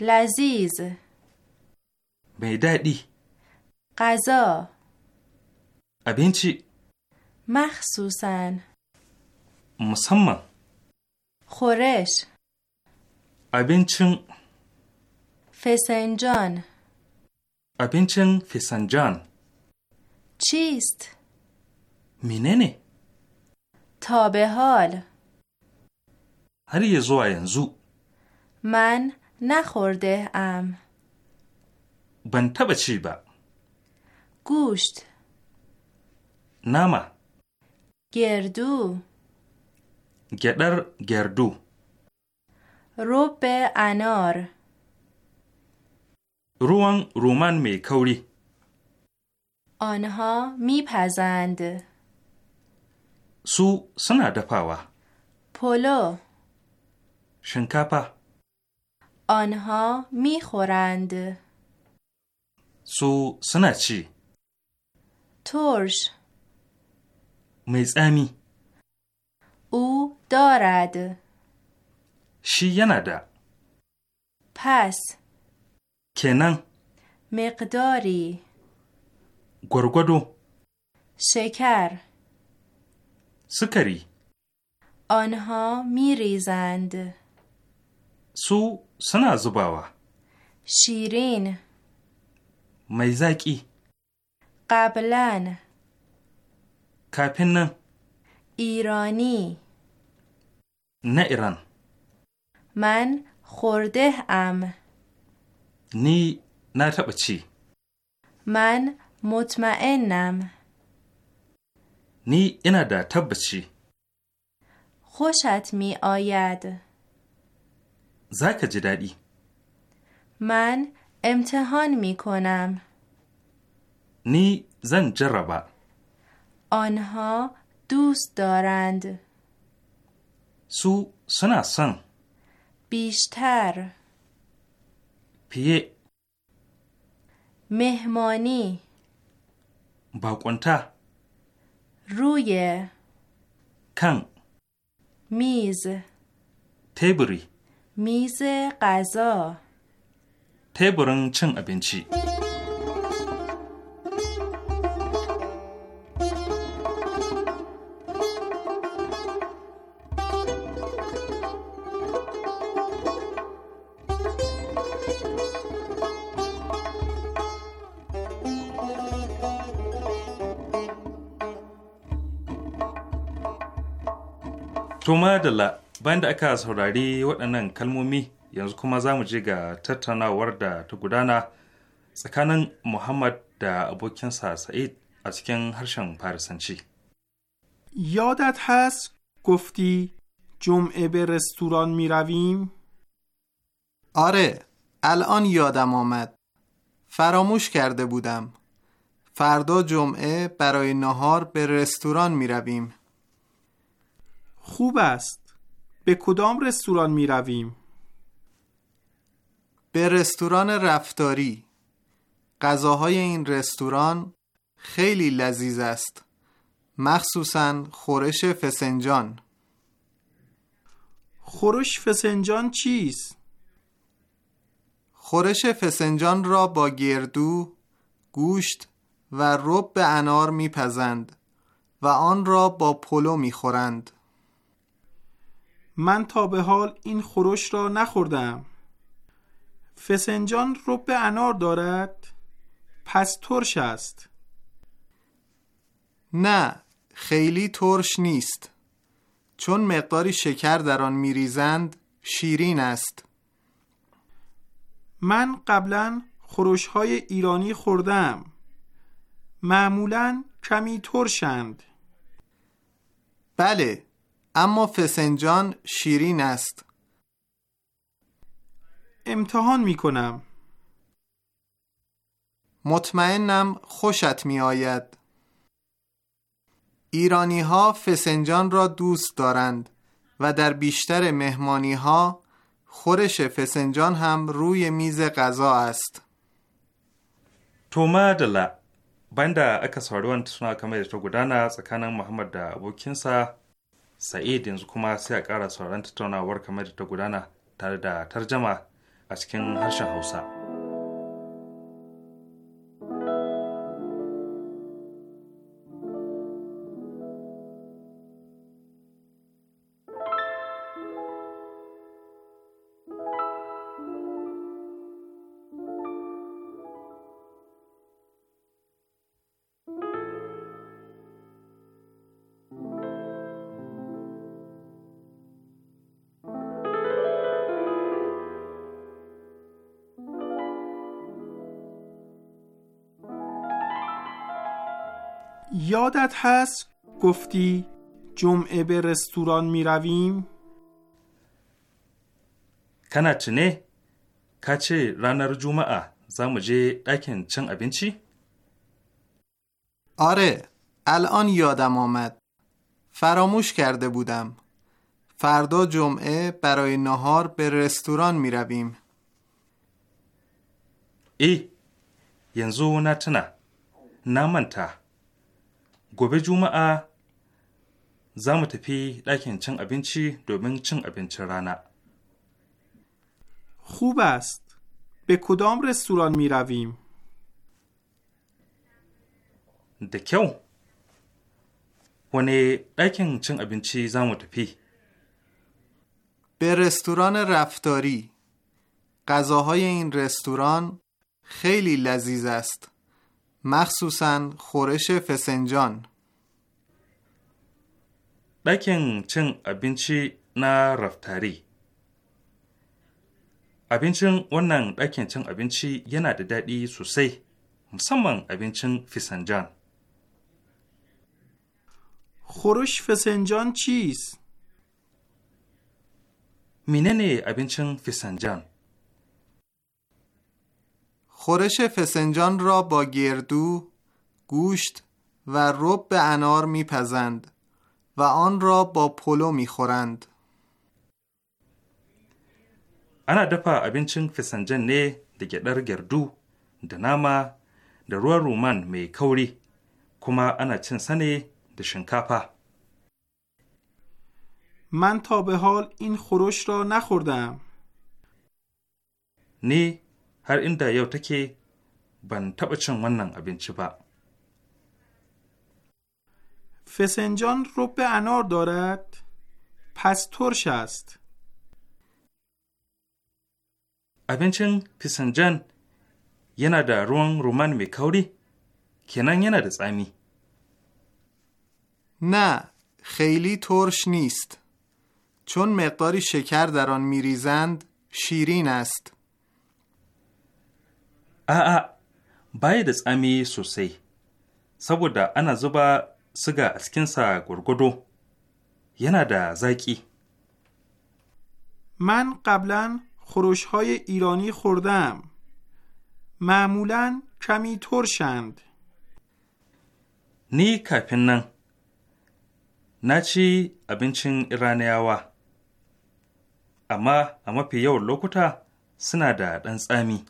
لذیز بیدادی قضا ابین چی؟ مخصوصن مسمم خورش ابین چنگ فسنجان ابین چنگ فسنجان چیست؟ میننه تابهال موسیقی هر یه ینزو من نخورده ام ban taba چی با گوشت نما گردو گدر گردو روب انار روان رومان می کوری آنها میپزند سو سنا دپاوا پلو شنکاپا آنها میخورند سو سنا چی؟ ترش میزامی او دارد شی یندا پس کنن مقداری گرگدو شکر سکری آنها میریزند سو سنا زباوا شیرین میزاکی قبلا کپن ایرانی نه ایران من خورده ام نی نه چی من مطمئنم نی اینا دا تبچی خوشت می آید زاک جی من امتحان می کنم نی زن جربا آنها دوست دارند سو سنا سن بیشتر پیه مهمانی باقونتا روی کن میز تبری mise kazaa. teburin cin abinci. tuma bayan da aka saurari waɗannan kalmomi yanzu kuma za mu je ga tattaunawar da ta gudana tsakanin muhammad da abokinsa sa'id a cikin harshen farisanci yadat has گفتی jum'a be restaurant می are آره الان یادم آمد فراموش کرده بودم فردا جمعه برای نهار به رستوران می رویم خوب است به کدام رستوران می رویم؟ به رستوران رفتاری غذاهای این رستوران خیلی لذیذ است مخصوصا خورش فسنجان خورش فسنجان چیست؟ خورش فسنجان را با گردو، گوشت و رب انار میپزند و آن را با پلو میخورند. من تا به حال این خورش را نخوردم فسنجان رب انار دارد پس ترش است نه خیلی ترش نیست چون مقداری شکر در آن میریزند شیرین است من قبلا خورش های ایرانی خوردم معمولا کمی ترشند بله اما فسنجان شیرین است امتحان می کنم مطمئنم خوشت می آید ایرانی ها فسنجان را دوست دارند و در بیشتر مهمانی ها خورش فسنجان هم روی میز غذا است تو مدلا بنده اکسواروان تسونا saurari wani گدانا kamar محمد دا sa'id yanzu kuma sai a ƙara sauran tattaunawar kamar da ta gudana tare da tarjama a cikin harshen hausa یادت هست گفتی جمعه به رستوران می رویم؟ kana نه کچه رانه رو جمعه اکن آره الان یادم آمد فراموش کرده بودم فردا جمعه برای نهار به رستوران می رویم ای ینزو نتنه، ته؟ gobe juma'a za mu tafi ɗakin cin abinci domin cin abincin rana. خوب است. به کدام رستوران می رویم؟ دکیو ونه دکن چن ابینچی زمو تپی به رستوران رفتاری غذاهای این رستوران خیلی لذیذ است. مخصوصا خورش فسنجان دکن چن ابینچی نا رفتاری abincin wannan ɗakin cin abinci yana da daɗi sosai musamman abincin fisanjan. Khurush fisanjan cheese. Menene abincin fisanjan? خورش فسنجان را با گردو، گوشت و رب به انار میپزند و آن را با پلو میخورند. انا دفا ابینچن فسنجان نه ده گردر گردو دناما، ناما رومان می کوری کما انا چن سنه د من تا به حال این خورش را نخوردم. نی هر ایند یو تکی بن تبه چین ون ابینچی به فسنجان رب انار دارد پس ترش است ابینچین فسنجان ینا د روان رومان می کوری نه یه د سامی نه خیلی ترش نیست چون مقداری شکر در آن میریزند شیرین است A'a, baya da tsami sosai saboda ana zuba su ga askinsa gwagwado, yana da zaƙi. Man qablan ƙurishoye irani kurdan ma'amulan tramitoshand. Ni kafin nan, na ci abincin raniyawa, amma a mafi yawa lokuta suna da ɗan tsami.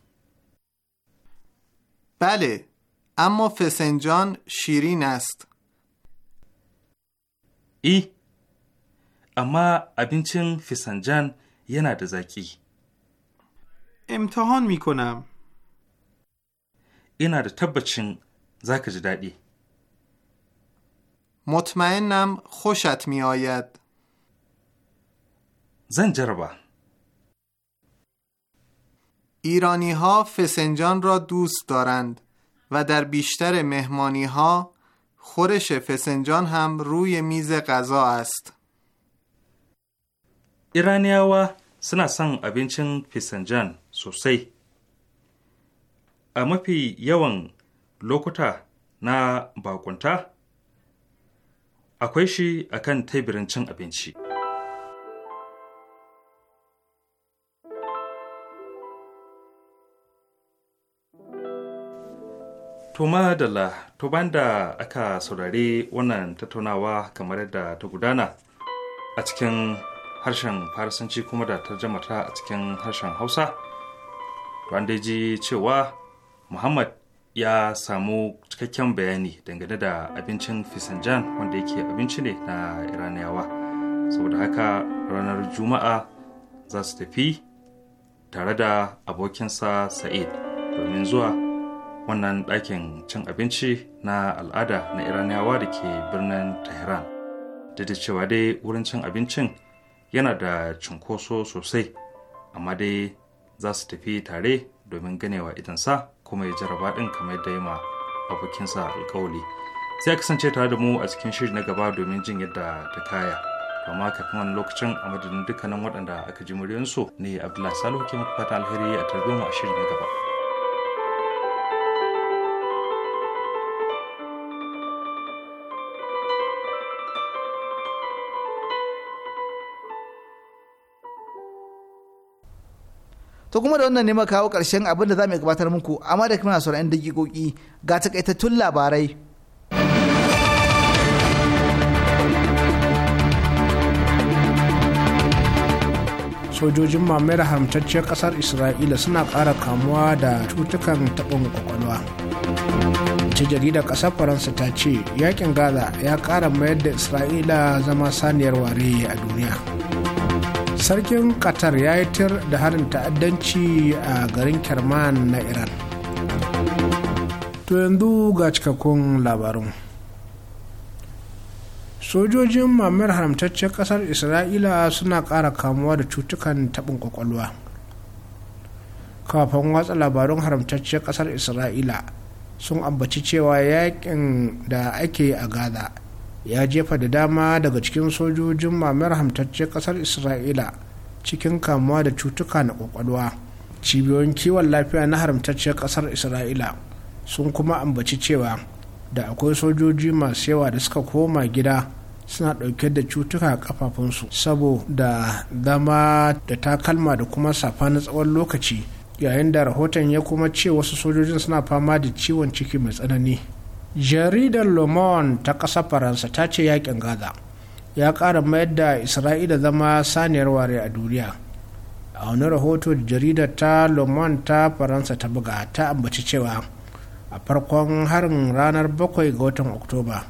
بله اما فسنجان شیرین است ای اما ابینچن فسنجان یه نده امتحان می کنم این نده تبچن زک جدادی مطمئنم خوشت می آید زن ایرانی ها فسنجان را دوست دارند و در بیشتر مهمانی ها خورش فسنجان هم روی میز غذا است. ایرانیاوا سنا سان ابینچن فسنجان سوسی. اما پی یوان لوکوتا نا باکونتا اکویشی اکن تیبرنچن ابینچی. To madalla, to da aka saurari wannan tattaunawa kamar yadda ta gudana a cikin harshen Farisanci kuma da tarjamata a cikin harshen Hausa, wanda ji cewa Muhammad ya samu cikakken bayani dangane da abincin Fisanjan wanda yake abinci ne na Iraniyawa. Saboda haka ranar Juma'a za su tafi tare da abokinsa Sa'id domin zuwa wannan ɗakin cin abinci na al'ada na iraniyawa da ke birnin tehran da da cewa dai wurin cin abincin yana da cunkoso sosai amma dai za su tafi tare domin ganewa idansa kuma ya jaraba ɗin kamar da ma abokinsa alkawali sai kasance tare da mu a cikin shiri na gaba domin jin yadda ta kaya amma kafin wani lokacin a madadin dukkanin waɗanda aka ji muryansu ne abdullahi salihu ke muku fata alheri a tarbiyyar a shiri na gaba. to kuma da wannan ne kawo karshen abin da za mu gabatar muku amma da kuma sauran 'yan dakikoki ga takaitattun labarai sojojin mamayar haramtacciyar ƙasar isra'ila suna ƙara kamuwa da cutukan taɓin kwakwalwa ce jaridar ƙasar faransa ta ce yakin gaza ya ƙara mayar da isra'ila zama saniyar ware a duniya sarkin qatar ya yi tir da harin ta'addanci a garin kerman na iran to yanzu ga cikakkun labarun. sojojin mamayar haramtaccen kasar isra'ila suna ƙara kamuwa da cutukan taɓin ƙwaƙwalwa kafin watsa labarun haramtaccen kasar isra'ila sun ambaci cewa yakin da ake a gaza ya jefa da dama daga cikin sojojin mamayar hamtacce kasar isra'ila cikin kamuwa da cutuka na kwakwalwa cibiyoyin kiwon lafiya na haramtacciyar kasar isra'ila sun kuma ambaci cewa da akwai sojoji masu yawa da suka koma gida suna ɗauke da cutuka a kafafunsu saboda dama da takalma da kuma safa na tsawon lokaci yayin da rahoton ya kuma ce wasu sojojin suna fama da ciwon ciki mai tsanani jaridar le monde ta ƙasa faransa ta ce yakin gaza ya ƙara mayar da isra'ila zama saniyar ware a duniya a wani rahoto da jaridar ta le monde ta faransa ta buga ta ambaci cewa a farkon harin ranar 7 ga watan oktoba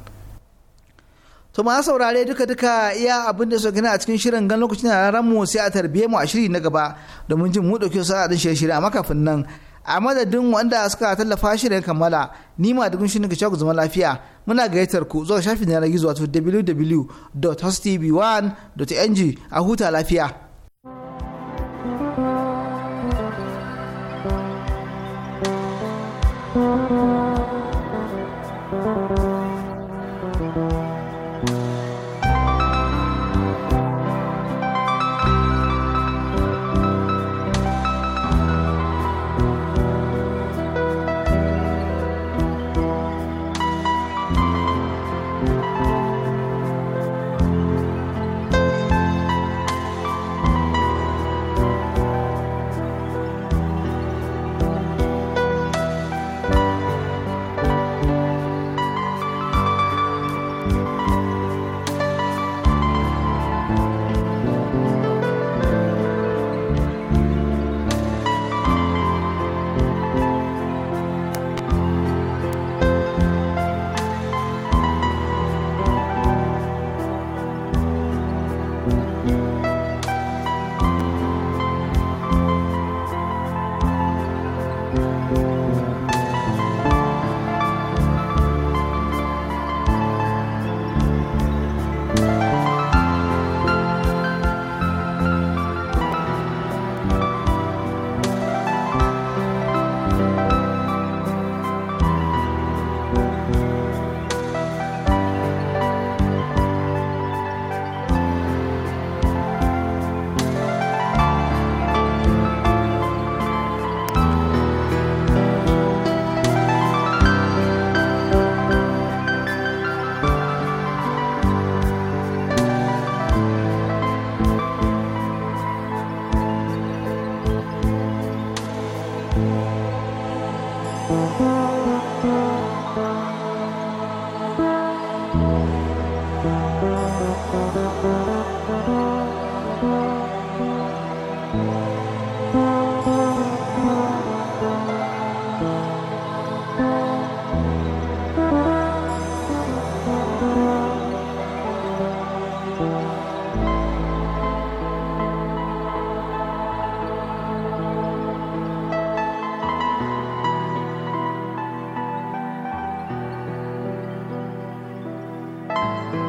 to ma saurare duka duka iya abin da su gina a cikin shirin gan lokacin da ranar mu sai a tarbiye mu a shiri na gaba domin jin mu dauke su da shirye-shirye a makafin nan a madadin wanda suka tallafa shirin kammala ni ma dukkan shirin ga zama lafiya muna gayyatar ku zuwa shafin yanar gizo wato www.hostv1.ng a huta lafiya.